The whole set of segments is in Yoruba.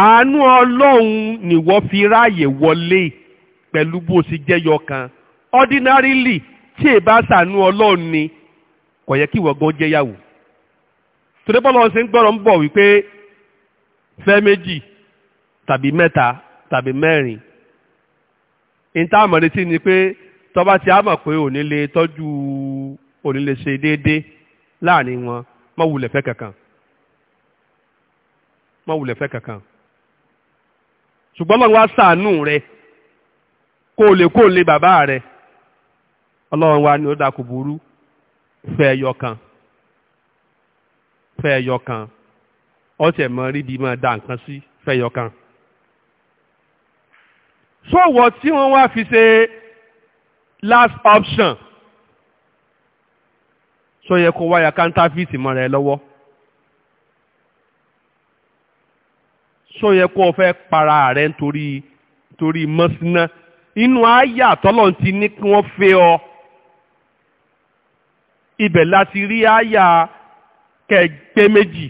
àánú ọlọ́run nìwọ fi ráàyè wọlé pẹ̀lú bó ṣe jẹ́yọ kan ordinarily tí ẹ bá ṣàánú ọlọ́run ni kò yẹ kí ìwọ gan jẹ́yàwó torí bọ́lá ọ̀sẹ̀ ń gbọ́rọ̀ ń bọ̀ wípé fẹ́ méjì tàbí mẹ́ta tàbí mẹ́rin níta àmọ̀retí ni pé tọ́ba ti àmọ̀ pé òní lè tọ́jú òní lè ṣe déédéé láàrin wọn mọ̀wulẹ̀ fẹ́ kankan mọ̀wulẹ̀ fẹ́ kankan ṣùgbọ́n Ọlọ́run wá ṣàánú rẹ kó o lè kó o lè bàbá rẹ Ọlọ́run wá ní ó dàkú burú fẹ́ ẹyọ fẹ́ ẹyọ kan ọ̀sẹ̀ mọ́ ríbi máa da nǹkan sí fẹ́ ẹyọ sọ̀wọ́ tí wọ́n wá fi ṣe last option sọ yẹ kó wáyà káńtáfíìsì mọ́ra ẹ lọ́wọ́. ṣó yẹ kó o fẹ́ para rẹ nítorí nítorí mọ́síná inú ayé àtọ́lọ̀ ti ní kí wọ́n fẹ́ ọ ibẹ̀ láti rí àyà kẹ́ pé méjì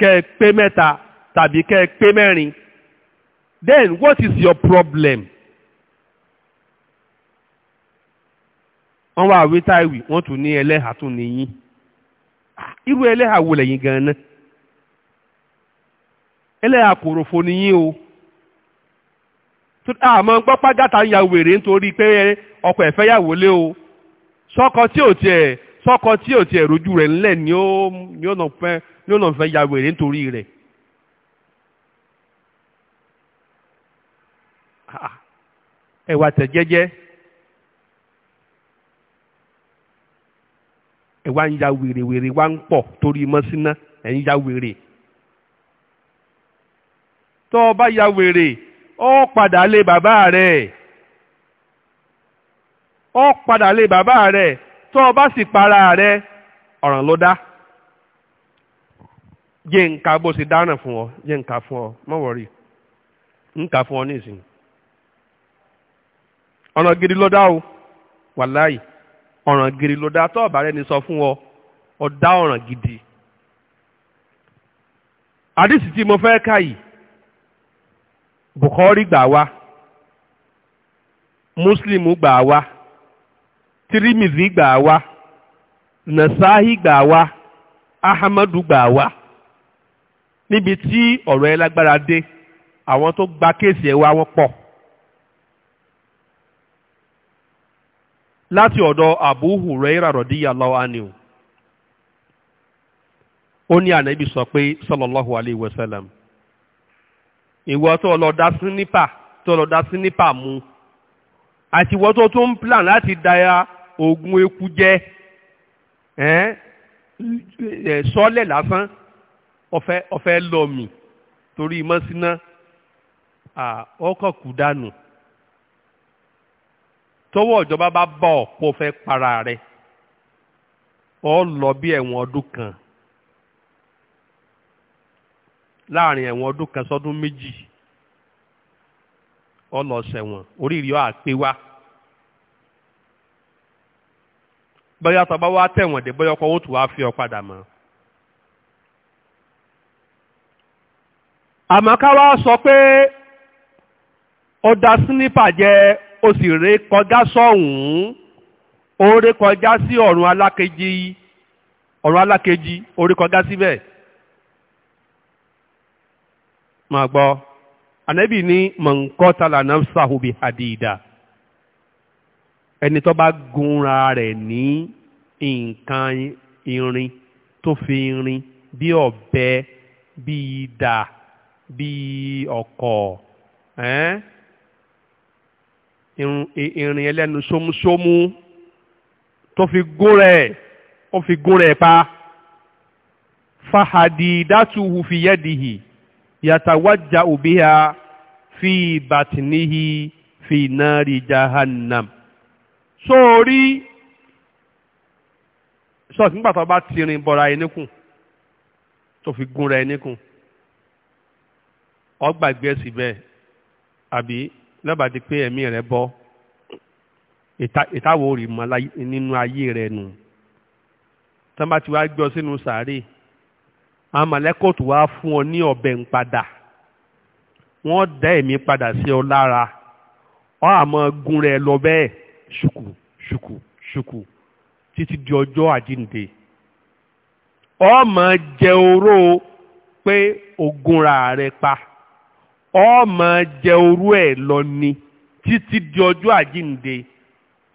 kẹ́ pé mẹ́ta tàbí kẹ́ pé mẹ́rin then what is your problem? wọ́n wá àwítá ìwì wọ́n tún ní ẹlẹ́hà tún nìyí ah, irú ẹlẹ́hà wo lẹ́yìn gan-an náà. ele kòròfo nìyí o àmọ́ gbọ́ pàjáta ń ya wèrè nítorí pé ọkọ ẹ̀fẹ́ yàwó lé o sọkọ tí ò tiẹ̀ sọ́kọ tí ò tiẹ̀ rojú rẹ̀ ńlẹ̀ ni ó ni ó nà fẹ́ ó nà ya wèrè nítorí rẹ̀. Ah, ẹwà tẹ̀ jẹ́jẹ́ ẹ̀wà ń ya wèrè tó o bá ya wèrè ó padà lé bàbá rẹ̀ ó padà lé bàbá rẹ̀ tó o bá sì para rẹ̀ ọ̀ràn ló dá jẹ́ nǹka bó ṣe dáná fún ọ jẹ́ nǹka fún ọ má wọ̀rí nǹka fún ọ ní ìsìn gidi ló dá o wàláì ọ̀ràn gidi ló dá tó o rẹ̀ ní sọ fún ọ ọ dá ọ̀ràn gidi àdìsí tí mo fẹ́ ká yìí Bukhari gbà wá Muslim gbà wá Tirimizi gbà wá Nasahi gbà wá Ahamadu gbà wá níbi tí ọ̀rọ̀ ẹ lágbára dé àwọn tó gba kéèsì ẹ wá wọ́n pọ̀ láti ọ̀dọ̀ Abu Hurairah radiyallahu anhu ó ní ànábì sọ pé sallallahu alayhi wa ìwọ tó lọ da sínípà tó lọ da sínípà mu àti ìwọ tó tún ń plan láti da oògùn eku jẹ sọ́lẹ̀ lásán ọ̀fẹ́ ọ̀fẹ́ lọ́mì torí mọ́síná ọkọ̀ kù dànù tọwọ́ ìjọba bá bọ̀ pọ̀ fẹ́ para rẹ̀ ọ lọ bí ẹ̀wọ̀n ọdún kan. láàrin ẹ̀wọ̀n ọdún kan sọ́dún méjì ọlọ́sẹ̀wọ̀n oríire ọ àpé wá bóyá tọba wá tẹ̀wọ̀n dé bóyá ọkọ̀ owó tó wá fi ọ padà mọ́. àmọ́ ká wá sọ pé ó da sínípà jẹ ó sì ré kọjá sọ́hùn-ún ó ré kọjá sí ọ̀run alákejì ọ̀run alákejì ó ré kọjá síbẹ̀. Si máa gbọ́ ànábì ní mọ̀nkọ́tàlà náà sàhùbì hadida ẹni tó bá gúnra rẹ̀ ní nǹkan irin tó fi irin bí ọ̀bẹ bí idà bí ọ̀kọ̀ ẹ́n irin ẹlẹ́nu sómúsómú tó fi gún rẹ̀ ó fi gún rẹ̀ pa fahadidatuhu fi yadihi yàtàwájà òbíha fi bàtìníhi fi náàrí jahannam sórí sọ́ọ̀tì nígbà tó bá tirin bọ̀ra ẹnikùn tó fi gúnra ẹnikùn ọgbàgbé síbẹ̀ àbí lọ́bàdí pé ẹ̀mí rẹ̀ bọ́ ìtawọ̀ orí mọ́ nínú ayé rẹ̀ nù tọ́ba ti wá gbọ́ sínú sàárè. Amalekotu mọ̀lẹ́kọ̀tù wá fún ọ ní ọ̀bẹ ń padà wọ́n dá ẹ̀mí padà sí ọ lára ọ àmọ́ gun rẹ̀ lọ bẹ́ẹ̀ ṣùkù ṣùkù ṣùkù títí di ọjọ́ àjíǹde ọ máa jẹ oró pé ogunra rẹ pa ọ máa jẹ oró ẹ̀ lọ ni títí di ọjọ́ àjíǹde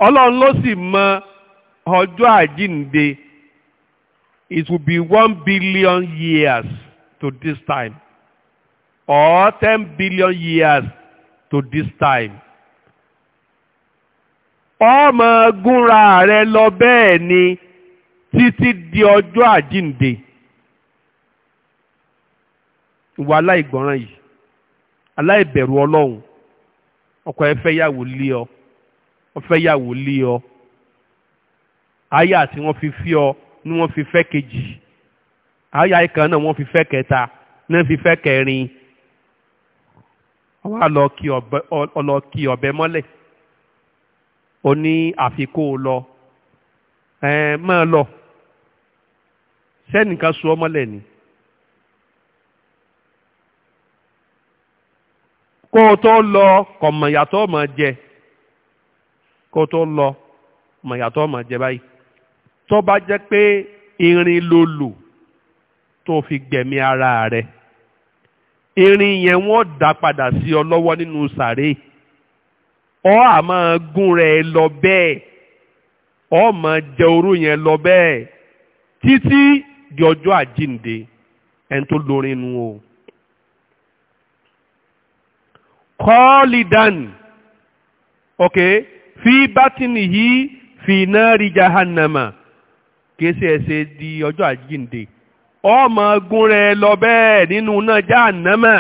ọlọ́run ló sì mọ ọjọ́ àjíǹde it will be one billion years to this time or ten billion years to this time. ọmọ gúnra rẹ lọ bẹ́ẹ̀ ni títí di ọjọ́ àjíǹde ìwà aláìgbọràn yìí aláìbẹ̀rù ọlọ́run ọkọ ẹ fẹ́ yàwó lé ọ ọ fẹ́ yàwó lé ọ ayé àti wọn fi fi ọ ni wọ́n fi fẹ́ kejì àyà ìkan náà wọ́n fi fẹ́ kẹta náà fi fẹ́ kẹrin wọ́n á lọ kí ọ̀bẹ mọ́lẹ̀ ó ní àfikún lọ ẹ máa lọ sẹ́nìkan so ọmọlẹ̀ ni kó o tó lọ kọ̀mọ̀yàtọ̀ ọmọ jẹ kó o tó lọ mọ̀yàtọ̀ ọmọ jẹ báyìí tó bá jẹ́ pé irin ló lò tó fi gbẹ̀mí ara rẹ̀ irin yẹn wọ́n dá padà sí ọ lọ́wọ́ nínú sàréè ọ àmọ́ gún rẹ̀ lọ bẹ́ẹ̀ ọ mọ̀ jẹ orú yẹn lọ bẹ́ẹ̀ títí di ọjọ́ àjínde ẹni tó lórin nu o. kọ́ọ̀lì dání ok fi bátìnì yìí fi náà rí jahannama. kìí ẹsẹ ẹ̀ṣẹ̀ di ọjọ́ àjíǹde ọmọ ogun rẹ lọ bẹ́ẹ̀ nínú náà jahannama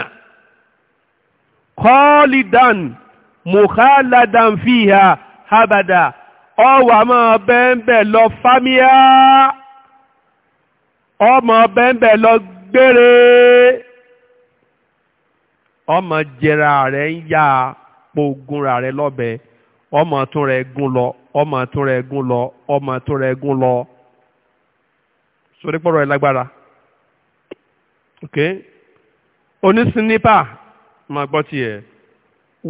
kọ́ọ̀lìdàn mùkálàdàn fìhà habada ọwà mọ bẹ́ẹ̀ lọ fámíà ọmọ bẹ́ẹ̀ lọ gbére ọmọ jẹra rẹ ń yá po rẹ lọbẹ ọmọ tún rẹ gún lọ ọmọ tún rẹ gún lọ ọmọ tún rẹ gún lọ. sórí pọ̀rọ̀ e ẹ̀ lágbára ok onísìnípà máa gbọ́ tiẹ̀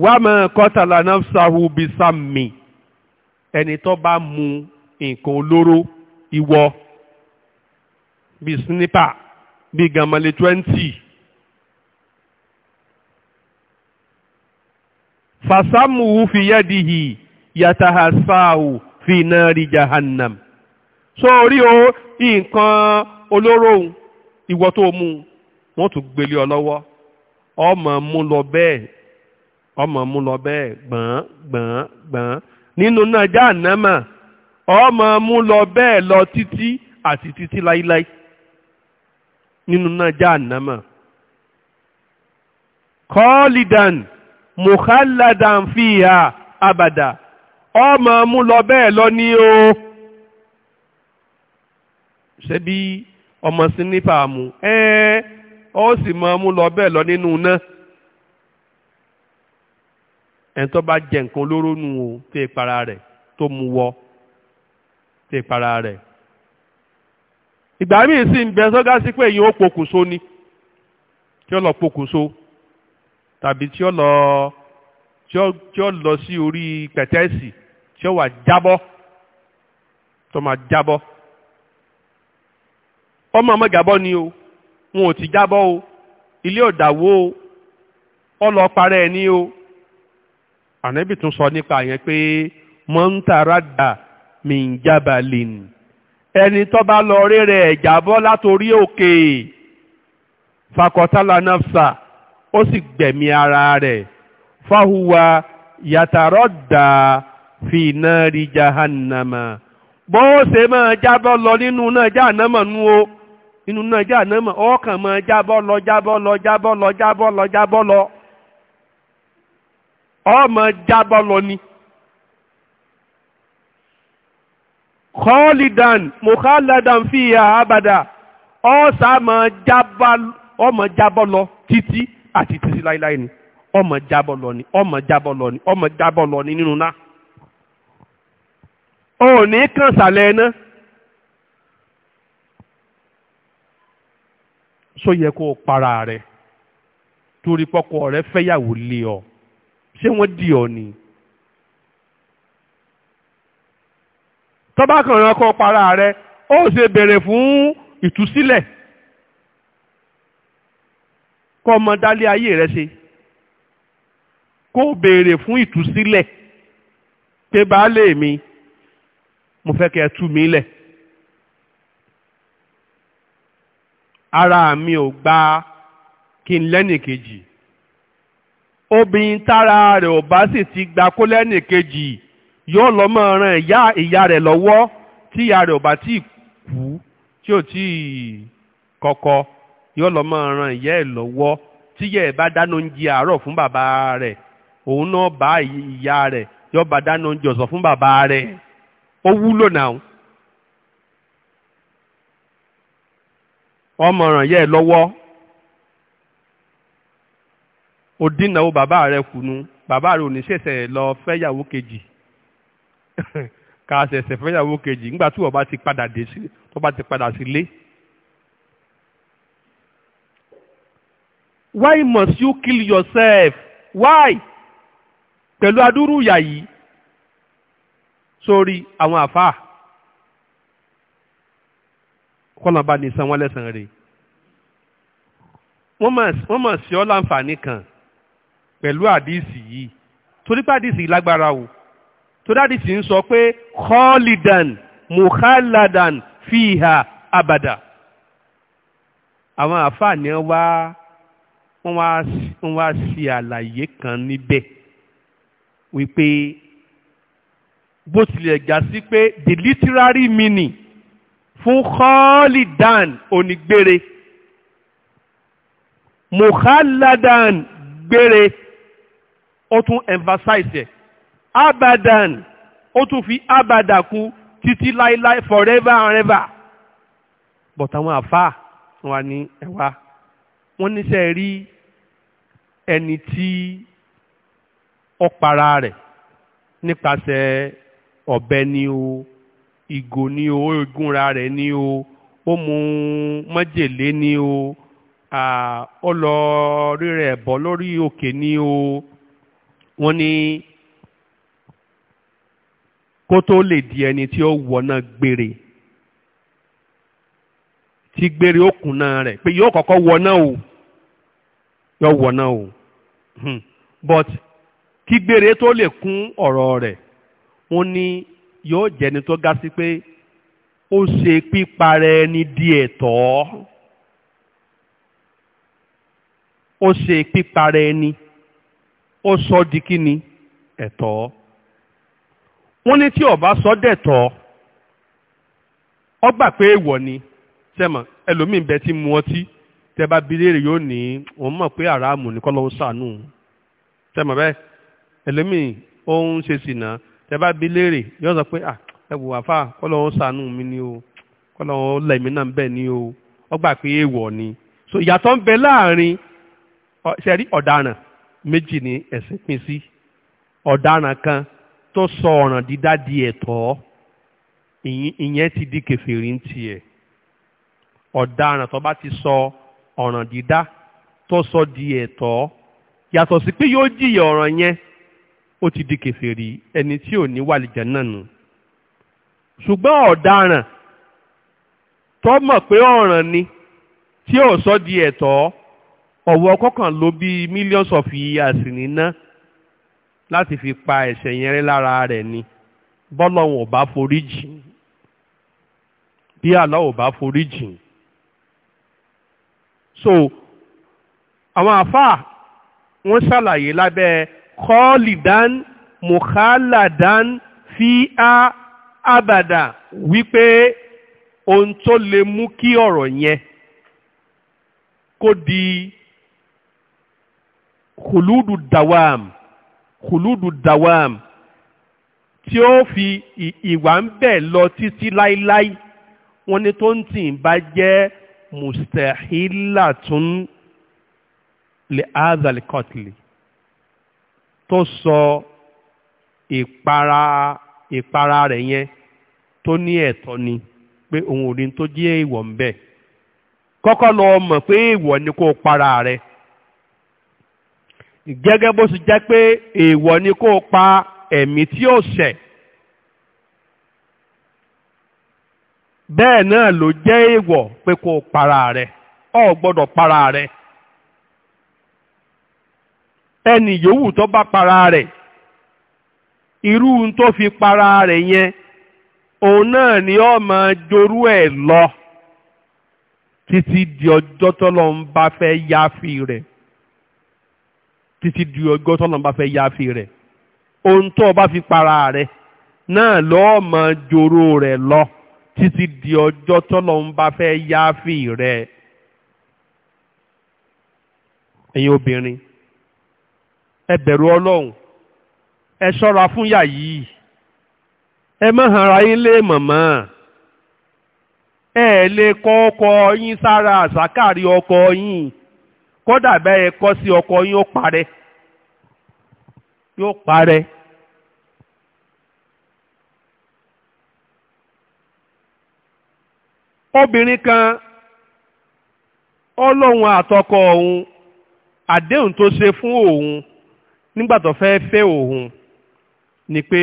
wà máa kọ́tàlá bisami sáhù bíi bá mu nǹkan olóró ìwọ bíi sínípà bíi gàmọ̀lẹ̀ twenty. fasamuhu fi yadihi yatahasahu fi nari jahannam. so orí o nǹkan olóró òun ìwọ tó mú un tún gbélé ọ lọ́wọ́ ọmọ mú lọ bẹ́ẹ̀ ọmọ mú lọ bẹ́ẹ̀ gbọ̀n gbọ̀n gbọ̀n nínú náà jáànámà ọmọ mú lọ bẹ́ẹ̀ lọ títí àti títí láíláí nínú náà jáànámà kọ́ọ̀lìdàn mùkálàdàn fìhà ọmọ mú lọ lọ ní o. ṣé bí ọmọ sí nípa mu ẹ́ẹ́ ó sì máa mú lọ bẹ́ẹ̀ lọ nínú náà ẹni tó bá jẹ nǹkan olóró nù o tó ìpara rẹ̀ tó mu wọ tó ìpara rẹ̀ ìgbà míì sì ń bẹ sọ́gá sí pé èyí ó pokùnso ni tí ó lọ pokùnso tàbí tí ó lọ tí ó lọ sí orí pẹ̀tẹ́ẹ̀sì tí ó wà jábọ́ tó máa jábọ́ ọmọ ọmọ gàbọ́ ni o wọn ò ti jábọ́ o ilé ọ̀dàwó o ọlọ parẹ́ ẹ ní o ànábì tún sọ nípa yẹn pé mọ́ńtàràdà mìǹjábàlìn ẹni tó bá lọ rere ẹ̀ jábọ́ látòrí òkè fakọtala nafsa ó sì gbẹ̀mí ara rẹ̀ fáhùwà yàtàrọ̀dà fìnnárì jahannama bó ṣe máa jábọ́ lọ nínú náà jahannama nu o inú náà já náà mọ̀ ọkàn mọ̀ jábọ́ lọ jábọ́ lọ jábọ́ lọ jábọ́ lọ jábọ́ lọ ọmọ jábọ́ lọ ni. kọ́ọ̀lìdàn mọ̀kálàdàn fi ìhà àbàdà ọ̀sà ọmọ jábọ́ lọ títí àti títí láíláí ni ọmọ jábọ́ lọ ni ọmọ jábọ́ lọ ni ọmọ jábọ́ lọ ni nínú náà. òní kan sàlẹ̀ náà. só yẹ kó o para rẹ torí pọ́kọ rẹ fẹ́yàwó lé ọ ṣé wọ́n di ọ ni. tọ́ba kan ràn kọ́ para rẹ ó ṣe bèrè fún ìtúsílẹ̀ kọ́ ọmọ dálé ayé rẹ ṣe kó o béèrè fún ìtúsílẹ̀ pé baálé mi mo fẹ́ kẹ́ ẹ tú mi lẹ̀. ara mi ò gba kí n lẹ́nìkejì obìnrin tára rẹ̀ ò bá sì ti gba kó lẹ́nìkejì yóò lọ mọ́ ran ìyá ìyá rẹ̀ lọ́wọ́ tí ìyá rẹ̀ ò bá tí kú tí ò tí kọ́kọ́ yóò lọ mọ́ ran ìyá ẹ̀ lọ́wọ́ tí ìyá ẹ̀ bá dáná oúnjẹ àárọ̀ fún bàbá rẹ̀ òun náà bá ìyá rẹ̀ yóò bá dáná oúnjẹ ọ̀sán fún bàbá rẹ̀ ọmọ ràn yẹ́ ẹ lọ́wọ́ ó dínàwó bàbá rẹ kùnú bàbá rẹ ò ní ṣẹ̀ṣẹ̀ lọ fẹ́yàwó kejì ká ṣẹ̀ṣẹ̀ fẹ́yàwó kejì nígbà tí wọ́n bá ti padà dé sí tó bá ti padà sílé. why must you kill yourself why pẹ̀lú adúrú ìyà yìí sórí àwọn àfáà kọ́nà bá ní san wọ́n lẹ́sàn rẹ̀ wọ́n mọ̀ sí ọ́ láǹfààní kan pẹ̀lú àdìsí yìí torí pé àdìsí lágbára o torí àdìsí ń sọ pé khalidan mukhaladan fiha abada àwọn àfààní wa wọ́n wá sí àlàyé kan níbẹ̀ wípé bó tilẹ̀ já sí pé the literary meaning fún khalidan onígbére muhalladan gbére ó tún emphasize ẹ̀ abadan ó tún fi abada kún títí láíláí forever and ever but àwọn àfáà wà ní ẹwà wọ́n níṣẹ́ rí ẹni tí ó para rẹ̀ nípasẹ̀ ọ̀bẹ ni o ìgò ni o ó gúnra rẹ̀ ni o ó mu májèlé ni o ó lọ rírẹ̀ bọ́ lórí òkè ni o wọ́n ní kó tó lè di ẹni tí ó wọ̀nà gbére tí gbére ó kùnà rẹ̀ pé yóò kọ́kọ́ wọ̀nà o yóò wọ̀nà o hmm. but kí gbére tó lè kún ọ̀rọ̀ rẹ̀ wọ́n ní yóò jẹ́ni tó ga sí pé ó ṣe píparẹ́ ẹni di ẹ̀tọ́ ó ṣe píparẹ́ ẹni ó sọ di kíni ẹ̀tọ́ wọ́n ní tí ọba sọ dẹ̀tọ́ ọ gbà pé èèwọ̀ ni sẹ́mọ̀ ẹlòmíín bẹ ti mu ọtí tẹ bá bi yóò ní òun mọ̀ pé àràmù ní kọ́ sànù sẹ́mọ̀ bẹ́ẹ̀ ẹlòmíín ó ń ṣe sìnà tẹ bi léèrè yóò sọ pé à ẹ mi ni o kọ́lọ́wọ́ lẹ̀mí náà bẹ̀ ni o ó pé èèwọ̀ ni so ìyàtọ̀ ń bẹ láàrin ṣẹ̀rí ọ̀daràn méjì ni ẹ̀sìn pín sí ọ̀daràn kan tó sọ ọ̀ràn di ẹ̀tọ́ ìyẹn ti di kèfèrí ń tiẹ̀ ọ̀daràn tó bá ti sọ ọ̀ràn dídá tó sọ di ẹ̀tọ́ yàtọ̀ sí pé yóò ó ti di kèfèrí ẹni tí ò ní wàlìjẹ́ náà nù ṣùgbọ́n ọ̀daràn tó mọ̀ pé ọ̀ràn ni tí ò sọ di ẹ̀tọ́ ọ̀wọ́ kọ̀ọ̀kan ló bí millions of years níná láti fi pa ẹ̀ṣẹ̀ yẹn rẹ́ lára rẹ̀ ni bọ́lọ́hùn ò bá forí jìn bí àlọ́ ò bá forí jìn so àwọn àfáà wọ́n ṣàlàyé lábẹ́ khalidan mukhaladan fi a abada wípé ohun tó lè mú kí ọ̀rọ̀ yẹn kó di khuludu dawam khuludu dawam tí ó fi ìwà ń bẹ̀ lọ títí láíláí wọ́n ní tó ń tì ń bá jẹ́ mustahilatun le azal kotli tó sọ ìpara ìpara rẹ̀ yẹn tó ní ẹ̀tọ́ ni pé òun ò rí tó jẹ́ èèwọ̀ ń bẹ̀ kọ́kọ́ lọ mọ̀ pé ni kó para rẹ̀ gẹ́gẹ́ bó je jẹ́ pé ni kó pa ẹ̀mí tí ó ṣẹ̀ bẹ́ẹ̀ náà ló jẹ́ èèwọ̀ pé kó para rẹ̀ o gbọ́dọ̀ para rẹ̀. ẹnì yòówù tó bá para rẹ̀ irú tó fi para rẹ̀ yẹn òun náà ni ó máa jorú ẹ̀ lọ títí di ọjọ́ tọ́lọ́n bá fẹ́ yáfi rẹ̀ títí di ọjọ́ tọ́lọ́n bá fẹ́ yáfi rẹ̀ ohun tó bá fi para rẹ̀ náà lọ́ọ́ máa rẹ̀ lọ títí di ọjọ́ tọ́lọ́n bá fẹ́ yáfi rẹ̀ ẹ̀yin obìnrin. ẹ ọlọ́run ẹ ṣọ́ra fún yà yìí ẹ má ara yín lé mọ̀mọ́ ẹ lè kọ ọkọ yín sára àsákàrí ọkọ yín kódà bẹ́ẹ̀ ẹ kọ́ sí ọkọ yín ó parẹ́ yóò parẹ́. obìnrin kan ọlọ́run àtọkọ ọ̀hún, àdéhùn tó ṣe fún òun nígbà tó fẹ́ fẹ́ òun ni pé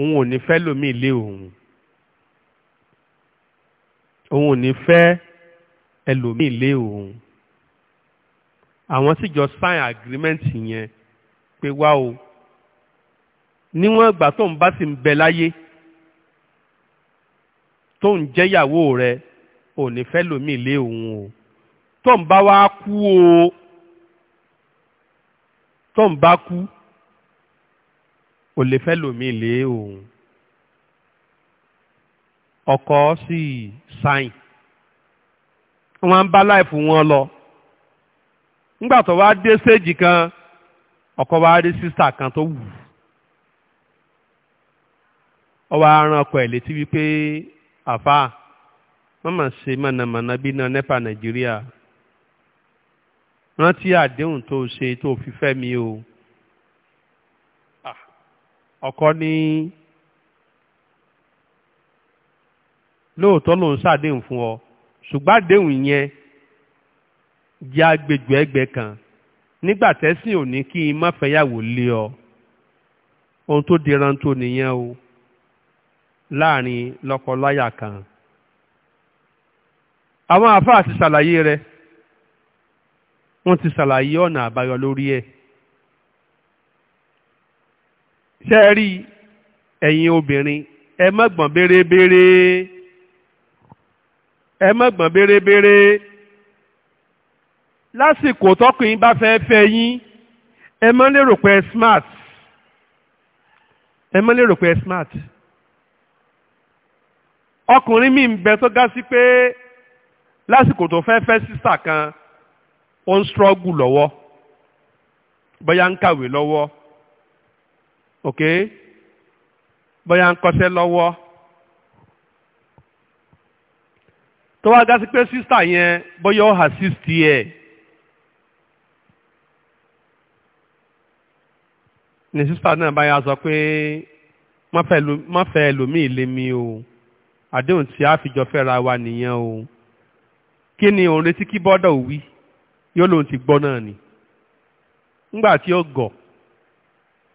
òun ò ní fẹ́ lómìn lé òun òun ò ní fẹ́ ẹlòmíì lé òun àwọn sì jọ sign agreement yẹn pé wá o níwọ̀n ìgbà tó ń bá sì ń bẹ láyé tó ń jẹ́yàwó rẹ ò ní fẹ́ lómìn lé òun o tó ń bá wá kú o. tó ń bá kú ò lè fẹ́ lòmí lé òun ọkọ sì sáìn wọ́n ń bá láìfù wọn lọ nígbà tó wá dé séèjì kan ọkọ wá rí sísà kan tó wù ọ wá rán ọkọ ẹ létí wípé àfa mọ̀mọ́ ṣe mọ̀nàmọ́ná bí náà nẹ́pà nàìjíríà. rántí àdéhùn tó ṣe tó fi fẹ́ mi o ah, ọkọ ní lóòótọ́ ló ń ṣàdéhùn fún ọ ṣùgbọ́n àdéhùn yẹn jẹ́ agbègbè ẹgbẹ́ kan nígbà tẹ́sìn ò ní kí n má fẹ́yàwó lé ọ ohun tó diran tó nìyẹn o láàrin lọ́kọ láya kan àwọn àáfàá ti ṣàlàyé rẹ̀ wọ́n ti ṣàlàyé ọ̀nà àbáyọ lórí ẹ̀ ṣe é rí ẹ̀yin obìnrin ẹ má gbọ̀n bérebére ẹ má bérebére lásìkò tọkùnrin bá fẹ́ fẹ́ yín ẹ má lérò pé smart ẹ má lérò pé smart ọkùnrin mi ń bẹ tó gá sí pé lásìkò tó fẹ́ fẹ́ sísà kan ó ń strọ́gù lọ́wọ́ bóyá ń kàwé lọ́wọ́ ok bóyá ń kọ́ṣẹ́ lọ́wọ́ tó wá gá sí pé sísítà yẹn bóyá ó hà sísítì ẹ̀ ni sísítà náà báyà sọ pé má fẹ́ ẹlòmíì lé mi o àdéhùn tí a fi jọ fẹ́ra wa nìyẹn o kí ni òun retí kí bọ́dọ̀ wí yóò lóun ti gbọ́ náà ni ńgbà tí ó gọ̀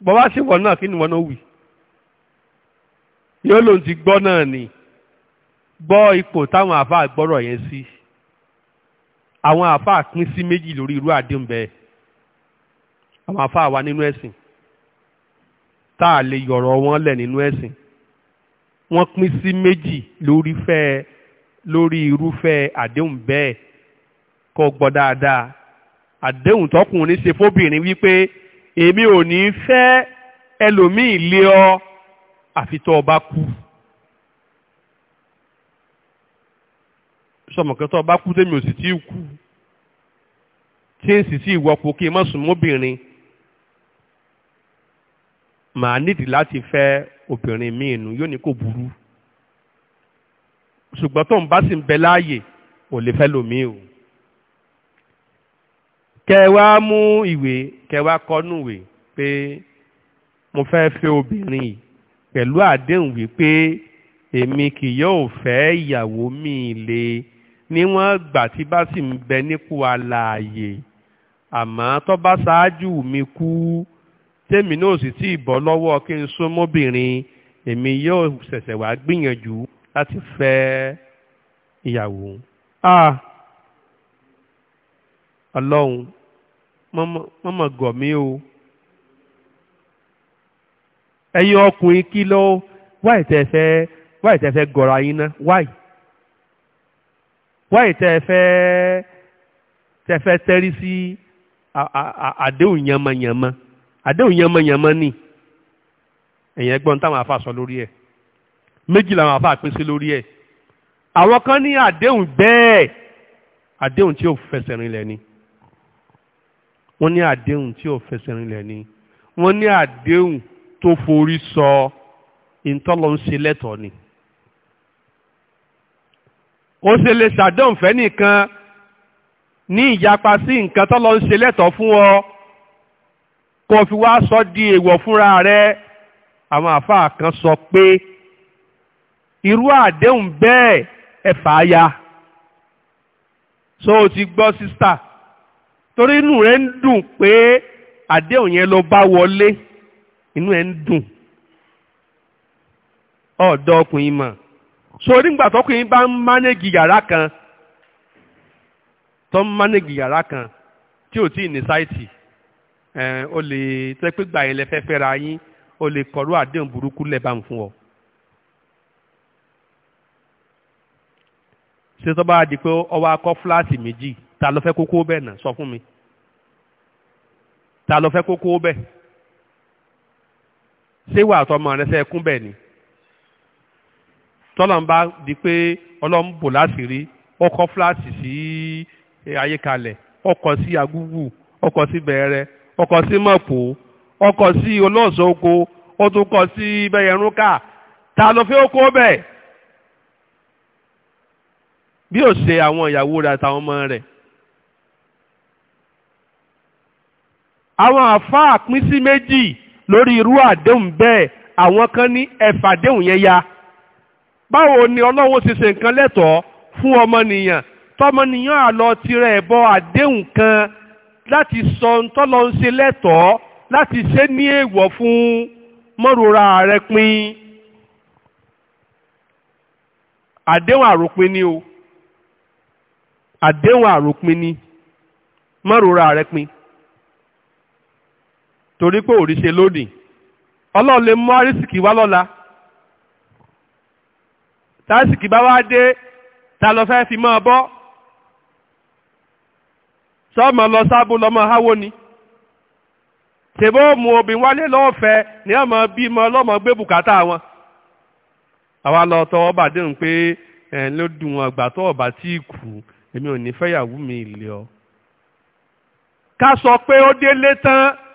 bọ́bá sì wọ̀ náà kí ni wọ́n náà wì yóò lóun ti gbọ́ náà ni gbọ́ ipò táwọn àáfàá gbọ́rọ̀ yẹn sí àwọn àáfàá pín sí méjì lórí irú àdéhùn bẹ́ẹ̀ àwọn àáfàá wa nínú ẹ̀sìn tá a lè yọ̀rọ̀ wọn lẹ̀ nínú ẹ̀sìn wọ́n pín sí méjì lórí fẹ́ lórí irúfẹ́ àdéhùn bẹ́ẹ̀ kó gbọ́ dáadáa àdéhùn tọkùnrin ṣe fóbìnrin wípé èmi ò ní fẹ́ ẹlòmíì lé ọ àfi tó o bá kú sọmọkẹ́ tó o bá kú tèmi ò sì tí ì kú tí n sì sí ìwọ́pọ̀ kí n má sùn mọ́bìnrin màá nídìí láti fẹ́ obìnrin míì yóò ní kò burú ṣùgbọ́n tó ń bá sì ń bẹ láàyè ò lè fẹ́ lòmíì o kẹwàá mú ìwé kẹwàá kọnúwé pé mo fẹ́ fẹ́ obìnrin yìí pẹ̀lú àdéhùn wípé èmi kì yóò fẹ́ ìyàwó mi lé níwọ̀n gbà tí bá sì ń bẹ nípò alààyè àmọ́ tó bá ṣáájú mi kú tèmi náà sì tí bọ́ lọ́wọ́ kí n sún mọ́bìnrin èmi yóò ṣẹ̀ṣẹ̀ wá gbìyànjú láti fẹ́ ìyàwó. Ah! ọlọ́run mọ̀mọ̀ gọ̀ mí o ẹ̀yin ọkùnrin kí ló wáì tẹ́ fẹ́ wáì tẹ́ fẹ́ gọ̀ra yín ná wáì wáì tẹ́ fẹ́ tẹ́ fẹ́ tẹ́rí sí àdéhùn yànmọ̀yànmọ̀ àdéhùn yànmọ̀yànmọ̀ ni ẹ̀yin ẹgbọ́n táwọn afa sọ lórí ẹ̀ méjì làwọn afa pín sí lórí ẹ̀ àwọn kan ní àdéhùn bẹ́ẹ̀ àdéhùn tí ó fẹsẹ̀ rinlẹ̀ ni wọ́n ní àdéhùn tí ò fẹsẹ̀ rinlẹ̀ ni wọ́n ní àdéhùn tó forí sọ ìtọ́lọ́ ń ṣe lẹ́tọ̀ọ́ ni. ó ṣe lè ṣàdéhùn fẹ́ nìkan ní ìyapa sí nǹkan tọ́lọ́ ń ṣe lẹ́tọ̀ọ́ fún ọ kó fi wá sọ di èèwọ̀ fúnra rẹ àwọn àáfàá kan sọ pé irú àdéhùn bẹ́ẹ̀ ẹ̀fà ya so ti gbọ́ sísítà torí inú rẹ̀ ń dùn pé àdéhùn yẹn ló bá wọlé inú ẹ̀ ń dùn ọ̀dọ́ ọkùnrin mọ̀ sórí ńgbà tọkùnrin bá ń mánégi yàrá kan tó ń mánégi yàrá kan tí ò tí ì ní sáìtì ó lè tẹ́ pé gbà yẹn lẹ fẹ́ fẹ́ra yín ó lè kọ̀rọ̀ àdéhùn burúkú lẹ̀ fún ọ. ṣé tó bá di pé ọwọ́ akọ́ fúláàtì méjì ta ló fẹ́ kókó bẹ́ẹ̀ náà sọ fún mi ta ló fẹ́ kókó bẹ́ẹ̀ ṣé wà tọmọ rẹ sẹ́ kún bẹ́ẹ̀ ni tọ́lọ̀ ń bá di pé ọlọ́run bò láṣìírí ọkọ̀ fúláàtì sí ayékalẹ̀ ọkọ̀ sí agúgù ọkọ̀ sí bẹ̀rẹ̀ ọkọ̀ sí mọ̀pọ̀ ọkọ̀ sí olóòṣogbo ó tún kọ̀ sí bẹ́yẹrúnkà ta ló fẹ́ kókó bẹ́ẹ̀ bí ó ṣe àwọn ìyàwó rẹ̀ àtàwọn ọmọ rẹ̀ àwọn àfáà pín sí méjì lórí irú àdéhùn bẹ́ẹ̀ àwọn kan ní ẹ̀fàdéhùn yẹn ya báwo ni ọlọ́run ṣe ṣe nǹkan lẹ́tọ̀ọ́ fún ọmọnìyàn tọmọnìyàn àlọ tirẹ̀ ẹ̀bọ àdéhùn kan láti sọ tọ́lọ ń ṣe lẹ́tọ̀ọ́ láti ṣe ní èèwọ̀ fún mọ́rora rẹ̀ pín àdéhùn àròpin ni o. àdéhùn àròpin ni mọ́rora rẹ pin torí pé òrìṣe lónìí ọlọ́run lè mú àrísìkì wá lọ́la tásìkì bá wá dé ta lọ fẹ́ fi mọ́ ọ bọ́ sọ́ọ̀mọ lọ sábò lọ́mọ háwó ni tèbó mu obìnrin wálé lọ́ọ̀fẹ́ ní ọmọ bímọ ọlọ́mọ gbé bùkátà wọn àwa lọ tọwọ́ bàdéhùn pé ẹ̀ ló dùn ọgbà tó ọ̀bà tí ì kú èmi ò ní fẹ́yàwó mi ìlẹ̀ ọ. ká sọ pé ó délé tán